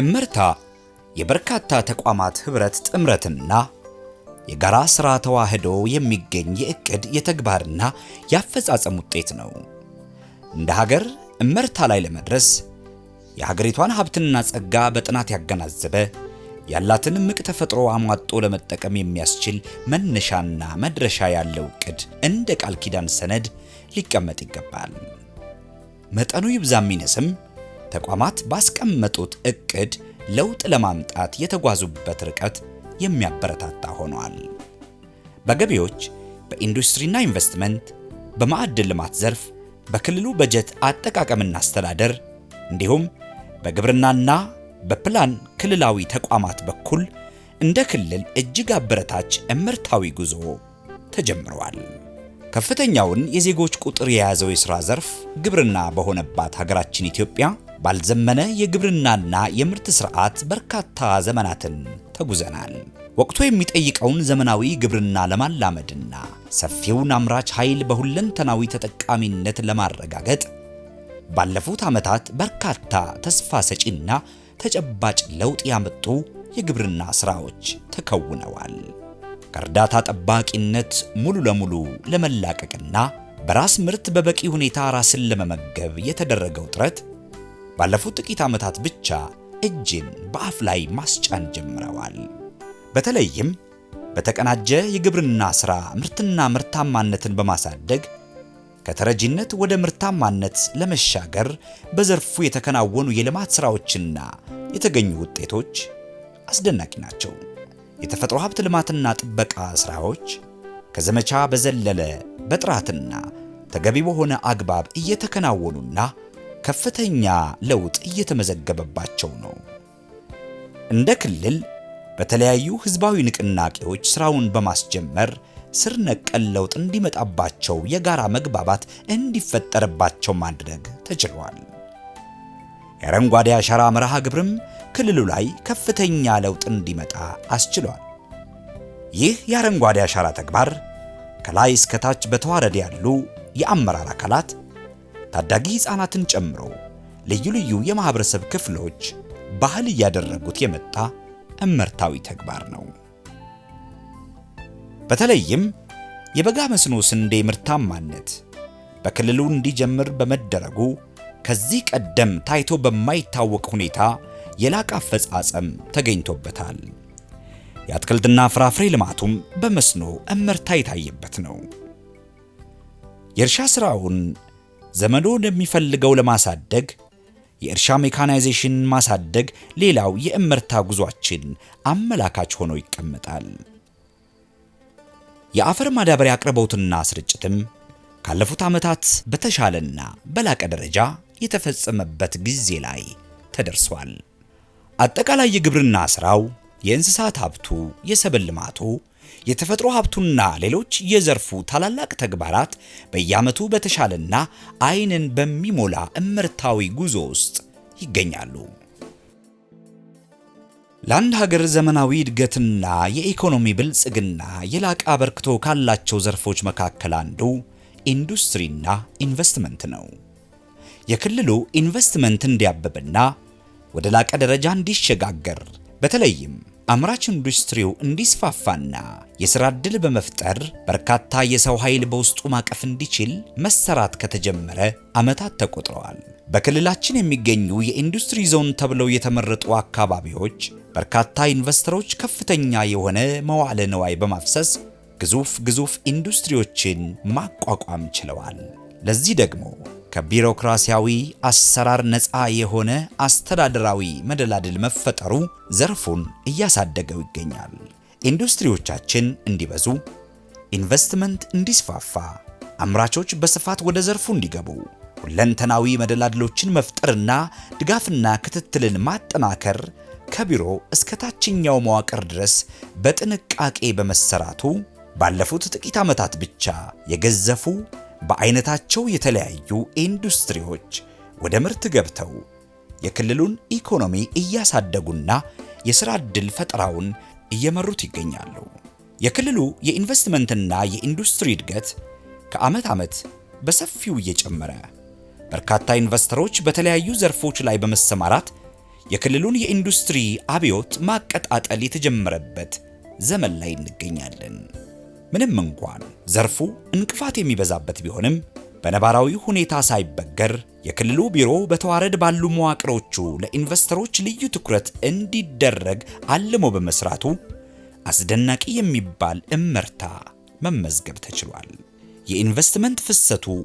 እምርታ የበርካታ ተቋማት ህብረት ጥምረትና የጋራ ስራ ተዋህዶ የሚገኝ የእቅድ የተግባርና የአፈጻጸም ውጤት ነው። እንደ ሀገር እምርታ ላይ ለመድረስ የሀገሪቷን ሀብትና ጸጋ በጥናት ያገናዘበ ያላትን ምቅ ተፈጥሮ አሟጦ ለመጠቀም የሚያስችል መነሻና መድረሻ ያለው እቅድ እንደ ቃል ኪዳን ሰነድ ሊቀመጥ ይገባል። መጠኑ ይብዛም ይነስም ተቋማት ባስቀመጡት እቅድ ለውጥ ለማምጣት የተጓዙበት ርቀት የሚያበረታታ ሆኗል። በገቢዎች፣ በኢንዱስትሪና ኢንቨስትመንት፣ በማዕድን ልማት ዘርፍ፣ በክልሉ በጀት አጠቃቀምና አስተዳደር እንዲሁም በግብርናና በፕላን ክልላዊ ተቋማት በኩል እንደ ክልል እጅግ አበረታች እምርታዊ ጉዞ ተጀምረዋል። ከፍተኛውን የዜጎች ቁጥር የያዘው የሥራ ዘርፍ ግብርና በሆነባት ሀገራችን ኢትዮጵያ ባልዘመነ የግብርናና የምርት ስርዓት በርካታ ዘመናትን ተጉዘናል። ወቅቱ የሚጠይቀውን ዘመናዊ ግብርና ለማላመድና ሰፊውን አምራች ኃይል በሁለንተናዊ ተጠቃሚነት ለማረጋገጥ ባለፉት ዓመታት በርካታ ተስፋ ሰጪና ተጨባጭ ለውጥ ያመጡ የግብርና ሥራዎች ተከውነዋል። ከእርዳታ ጠባቂነት ሙሉ ለሙሉ ለመላቀቅና በራስ ምርት በበቂ ሁኔታ ራስን ለመመገብ የተደረገው ጥረት ባለፉት ጥቂት ዓመታት ብቻ እጅን በአፍ ላይ ማስጫን ጀምረዋል። በተለይም በተቀናጀ የግብርና ሥራ ምርትና ምርታማነትን በማሳደግ ከተረጂነት ወደ ምርታማነት ለመሻገር በዘርፉ የተከናወኑ የልማት ሥራዎችና የተገኙ ውጤቶች አስደናቂ ናቸው። የተፈጥሮ ሀብት ልማትና ጥበቃ ሥራዎች ከዘመቻ በዘለለ በጥራትና ተገቢ በሆነ አግባብ እየተከናወኑና ከፍተኛ ለውጥ እየተመዘገበባቸው ነው። እንደ ክልል በተለያዩ ህዝባዊ ንቅናቄዎች ስራውን በማስጀመር ስር ነቀል ለውጥ እንዲመጣባቸው የጋራ መግባባት እንዲፈጠርባቸው ማድረግ ተችሏል። የአረንጓዴ አሻራ መርሃ ግብርም ክልሉ ላይ ከፍተኛ ለውጥ እንዲመጣ አስችሏል። ይህ የአረንጓዴ አሻራ ተግባር ከላይ እስከታች በተዋረድ ያሉ የአመራር አካላት ታዳጊ ሕፃናትን ጨምሮ ልዩ ልዩ የማህበረሰብ ክፍሎች ባህል እያደረጉት የመጣ እመርታዊ ተግባር ነው። በተለይም የበጋ መስኖ ስንዴ ምርታማነት በክልሉ እንዲጀምር በመደረጉ ከዚህ ቀደም ታይቶ በማይታወቅ ሁኔታ የላቀ አፈጻጸም ተገኝቶበታል። የአትክልትና ፍራፍሬ ልማቱም በመስኖ እመርታ የታየበት ነው። የእርሻ ስራውን ዘመዶ እንደሚፈልገው ለማሳደግ የእርሻ ሜካናይዜሽን ማሳደግ ሌላው የእመርታ ጉዟችን አመላካች ሆኖ ይቀመጣል። የአፈር ማዳበሪያ አቅርቦትና ስርጭትም ካለፉት ዓመታት በተሻለና በላቀ ደረጃ የተፈጸመበት ጊዜ ላይ ተደርሷል። አጠቃላይ የግብርና ሥራው፣ የእንስሳት ሀብቱ፣ የሰብል ልማቱ የተፈጥሮ ሀብቱና ሌሎች የዘርፉ ታላላቅ ተግባራት በየዓመቱ በተሻለና ዓይንን በሚሞላ እምርታዊ ጉዞ ውስጥ ይገኛሉ። ለአንድ ሀገር ዘመናዊ እድገትና የኢኮኖሚ ብልጽግና የላቀ አበርክቶ ካላቸው ዘርፎች መካከል አንዱ ኢንዱስትሪና ኢንቨስትመንት ነው። የክልሉ ኢንቨስትመንት እንዲያብብና ወደ ላቀ ደረጃ እንዲሸጋገር በተለይም አምራች ኢንዱስትሪው እንዲስፋፋና የሥራ ዕድል በመፍጠር በርካታ የሰው ኃይል በውስጡ ማቀፍ እንዲችል መሰራት ከተጀመረ ዓመታት ተቆጥረዋል። በክልላችን የሚገኙ የኢንዱስትሪ ዞን ተብለው የተመረጡ አካባቢዎች በርካታ ኢንቨስተሮች ከፍተኛ የሆነ መዋዕለ ንዋይ በማፍሰስ ግዙፍ ግዙፍ ኢንዱስትሪዎችን ማቋቋም ችለዋል። ለዚህ ደግሞ ከቢሮክራሲያዊ አሰራር ነፃ የሆነ አስተዳደራዊ መደላድል መፈጠሩ ዘርፉን እያሳደገው ይገኛል። ኢንዱስትሪዎቻችን እንዲበዙ፣ ኢንቨስትመንት እንዲስፋፋ፣ አምራቾች በስፋት ወደ ዘርፉ እንዲገቡ ሁለንተናዊ መደላድሎችን መፍጠርና ድጋፍና ክትትልን ማጠናከር ከቢሮ እስከ ታችኛው መዋቅር ድረስ በጥንቃቄ በመሰራቱ ባለፉት ጥቂት ዓመታት ብቻ የገዘፉ በአይነታቸው የተለያዩ ኢንዱስትሪዎች ወደ ምርት ገብተው የክልሉን ኢኮኖሚ እያሳደጉና የሥራ ዕድል ፈጠራውን እየመሩት ይገኛሉ። የክልሉ የኢንቨስትመንትና የኢንዱስትሪ እድገት ከዓመት ዓመት በሰፊው እየጨመረ በርካታ ኢንቨስተሮች በተለያዩ ዘርፎች ላይ በመሰማራት የክልሉን የኢንዱስትሪ አብዮት ማቀጣጠል የተጀመረበት ዘመን ላይ እንገኛለን። ምንም እንኳን ዘርፉ እንቅፋት የሚበዛበት ቢሆንም በነባራዊ ሁኔታ ሳይበገር የክልሉ ቢሮ በተዋረድ ባሉ መዋቅሮቹ ለኢንቨስተሮች ልዩ ትኩረት እንዲደረግ አልሞ በመስራቱ አስደናቂ የሚባል እመርታ መመዝገብ ተችሏል። የኢንቨስትመንት ፍሰቱ